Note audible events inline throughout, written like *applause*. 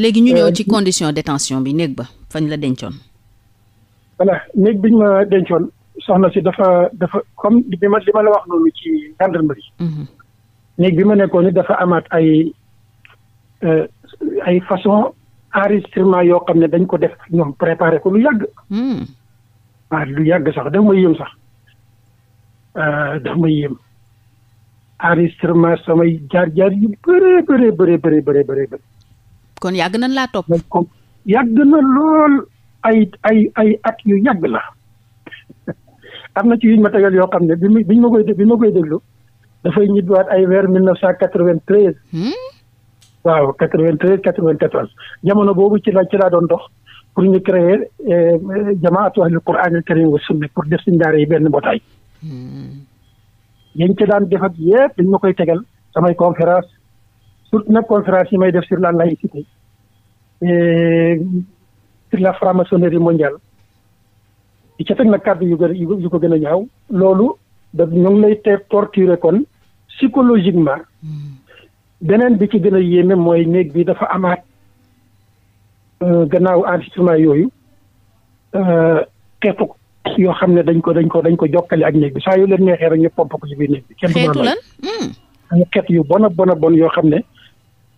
léegi ñu ñëw euh, ci condition détention bi néeg ba fañ la dencoon. voilà néeg bi ñu ma dencoon soxna si dafa dafa comme li ma li ma la wax noonu ci gendarmerie. Mhm. néeg bi ma nekkoon ni dafa amaat ay euh, ay façon enregistrement yoo xam ne dañ ko def ñoom préparé ko lu yàgg. Hmm. waaw lu yàgg sax daf may yéem sax euh, daf may yéem. enregistrement samay jaar-jaar yu bëree bëree bëree bëree bëree bëree bëri kon yàgg nañ laa topp comme yàgg na lool ay ay ay at yu yàgg la *laughs* am na ci yuñ ma tegal yoo xam ne bi biñ ma koy bi ma koy déglu dafay ñibbiwaat ay weer mille neuf cent quatre-vingt-treize hmm? waaw quatre-vingt-treize quatre-vingt-quatorze jamono boobu ci la ci laa doon dox pour ñu créer eh, jamaatu ahlul Qur'an al karim wa sunna pour def suñu daara yi benn mbootaay hmm. yañ ci daan def ak yëpp ma koy tegal samay conférence surtout nag conférence yi may def sur la laïcité et sur la franc-maçonnerie mondiale di ca teg nag kàddu yu gën yu ko gën a ñaaw loolu da ñu lay te kon psychologiquement hmm. beneen bi ci gën a yéeme mooy néeg bi dafa amaat euh, gannaaw enregistrement yooyu xeetu euh, yoo xam ne dañ ko dañ ko dañ ko jokkale ak néeg bi saa yu leen neexee rek ñu pomp ko ci biir néeg bi. xeetu lan kenn hmm. xeet yu bon a bon a bon yoo xam ne.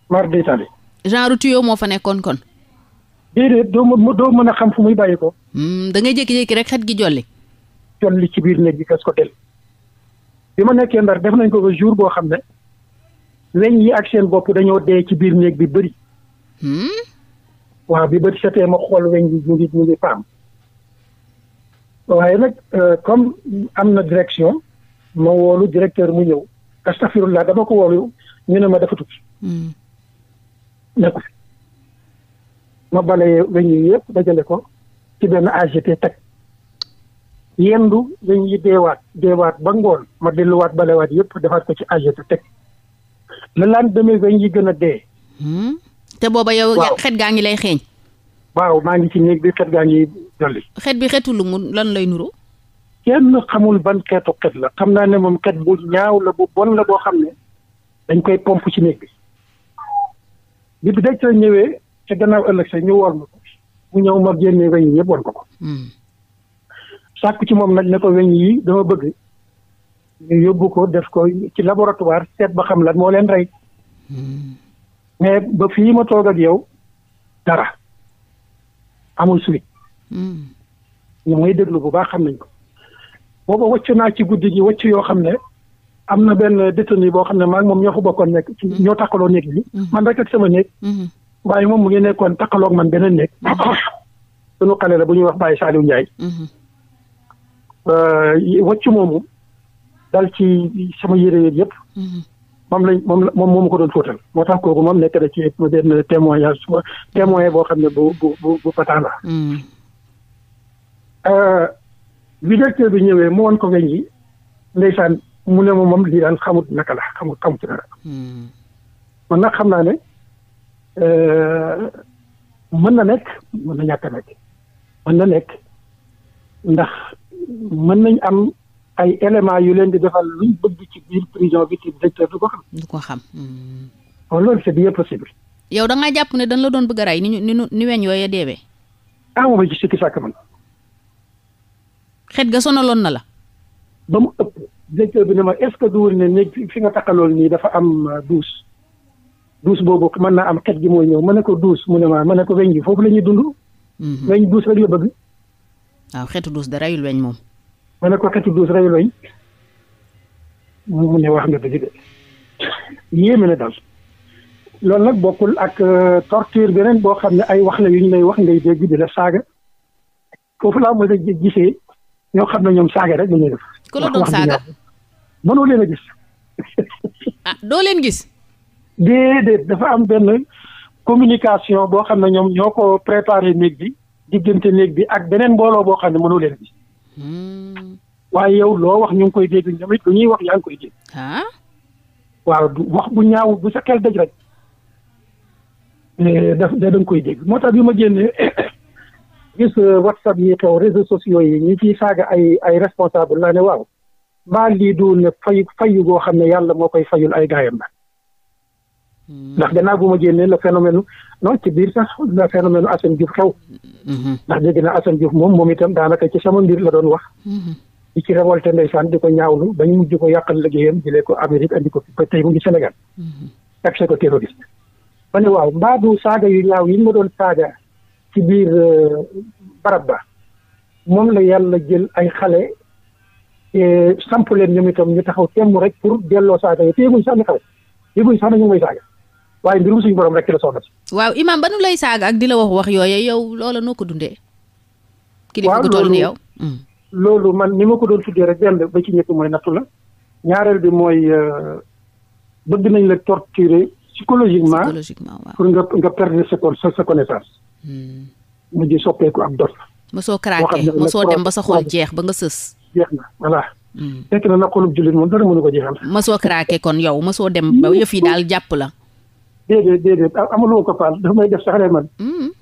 mar détaillé. genre tuyau moo fa nekkoon kon. déedéet doo doo mën a xam fu muy bàyyi ko. Hmm, da ngay jékki rek xet gi jolli. jolli ci biir néeg bi gas ko del bi ma nekkee ndar def nañ ko ba jour boo xam ne weñ yi ak seen bopp dañoo dee ci biir néeg bi bëri. Hmm? waaw bi bëri setee ma xool weñ yi ñu ngi ñu ngi paam. waaye nag euh, comme am na direction ma woolu directeur mu ñëw astaghfirullah dama ko woolu ñu ne ma dafa tukki hmm. nekku fi ma weñ yi yëpp dajale ko ci benn AGT teg yendu weñ yi deewaat deewaat ba ngoon ma delluwaat balewaat yëpp defaat ko ci AGT teg le lendemain weñ yi gën a dee hmm. te booba yow xet gaa ngi lay xeeñ waaw maa ngi ci néeg bi xet gaa ngi dolli. xet bi xetu mu lan lay nuru. kenn xamul ban xeetu xet la xam naa ne moom xet bu ñaaw la bu bon la boo xam ne dañ koy pomp ci néeg bi bi bi daj ñëwee ca gannaaw ëllëg sa ñu woor ma ko mu ma génne weñ yi yëpp woon ko ko hmm. sàkku ci moom nag ne ko weñ yi dama bëgg ñu yóbbu ko def ko ci laboratoire seet ba xam la moo leen rey hmm. mais ba fii ma toog ak yow dara amul suite ñoom may déglu bu baax xam nañ ko booba wàcc naa ci guddi gi wàcc yoo xam ne am na benn détenu boo xam ne maa ngi moom ñoo fa bokkoon nekk hmm. ñoo takkaloo néeg bi hmm. man rek ak sama néeg waaye hmm. moom mu ngi nekkoon takkaloog man beneen néeg *coughs* sunu xale la bu ñuy wax Baye Saliou njaay euh, wàcc moomu dal ci sama yére yëpp moom lañ moom la moom moom ko doon fóotal moo tax kooku moom nekk na ci benn témoignage témoin boo xam ne bu bu bu bu pataan hmm. euh, bi docteur bi ko weñ mu ne ma moom lii daan xamut naka la xamut xamut ci dara. Hmm. man nag xam naa ne euh, mën na nekk mën na ñàkk a nekk mën na nekk ndax mën nañ am. ay éléments yu leen di defal luñ bëgg ci biir prison bi ci directeur du ko xam. du ko xam. Hmm. kon loolu c'est bien possible. yow da jàpp ne dañ la doon bëgg a ni ñu ni ñu ni weñ yooya deewee. amuma ah, ci sikki sàkk man. xet na la. ba mu ëpp bi ne ma est-ce que du woon fi nga taxaloon nii dafa am euh, douche douche boobu mën naa am xet gi mooy ñëw mën na ko douche mu ne ma mën na ko weñ gi foofu la ñuy dund. Hmm. weñ douche rek la bëgg. waaw xetu douche da reyul weñ moom. ma ne ko xetu duus rey looy mu ne wax nga dëgg de yéeme na daal loolu nag bokkul ak euh, torture beneen boo xam ne ay wax la yu ñu lay wax ngay dégg di la saaga foofu laa moo a gisee ñoo xam ne ñoom saaga rek la ñuy def. ku la doon saaga leen a gis. ah doo leen gis. déedéet dafa am benn communication boo xam ne ñoom ñoo ko préparé néeg bi diggante néeg bi ak beneen mbooloo boo xam ne mënoo leen gis. Hmm. waaye yow loo wax ñu ngi koy dégg ñoom lu ñuy wax yaa ngi koy dégg. Ah? waaw du wax bu ñaaw bu sa xel daj rek. Eh, daf da nga koy dégg moo tax bi ma génnee *coughs* gis euh, whatsapp yi xew réseaux sociaux yi ñu ciy saaga ay ay responsable laa ne waaw mbaa lii du ne fay fayu goo xam ne yàlla moo koy fayul ay gaayam la hmm. ndax danaa bu ma génnee la phénomène non ci biir sax le phénomène Assane Diouf xew hmm, hmm, ndax dégg naa Assane Diouf moom moom itam daanaka ci sama mbir la doon wax di ci révolté ndeysaan di ko ñaawlu ba ñu mujj ko yàqal liggéeyam jëlee ko Amérique andi ko ba tey mu ngi Sénégal. Mhm. taxé ko terroriste. ma ne waaw mbaadu saaga yu ñaaw yi ma doon saaga ci biir euh, barab ba moom la yàlla jël ay xale samp leen ñoom itam ñu taxaw temm rek pour delloo saaga yi te yëguñ sax ne xale yëguñ sax ne ñu ngi may saaga waaye mbirum suñu borom rek ci la soxna si. waaw imaam ba nu lay saaga ak di la wax wax yooye yow loola noo ko dundee. kilifa gu toll ni yow. Hmm. loolu man ni ma ko doon tuddee rek benn ba ci ñëpp mooy nattu la ñaareel bi mooy euh, bëgg nañ la torturer psychologiquement. psychologiquement waaw pour nga nga perdre sa sa connaissance. Hmm. mu ji soppeeku ab dof. mosoo craqué mosoo dem ba sa xol jeex ba nga sës. jeex na voilà. Hmm. fekk na nag xolub jullit moom dara mënu ko jeexal. mosoo craqué kon yow mosoo dem ba yëf yi daal jàpp la. déedéet déedéet amuloo ko faal dafa may def sax man. Hmm.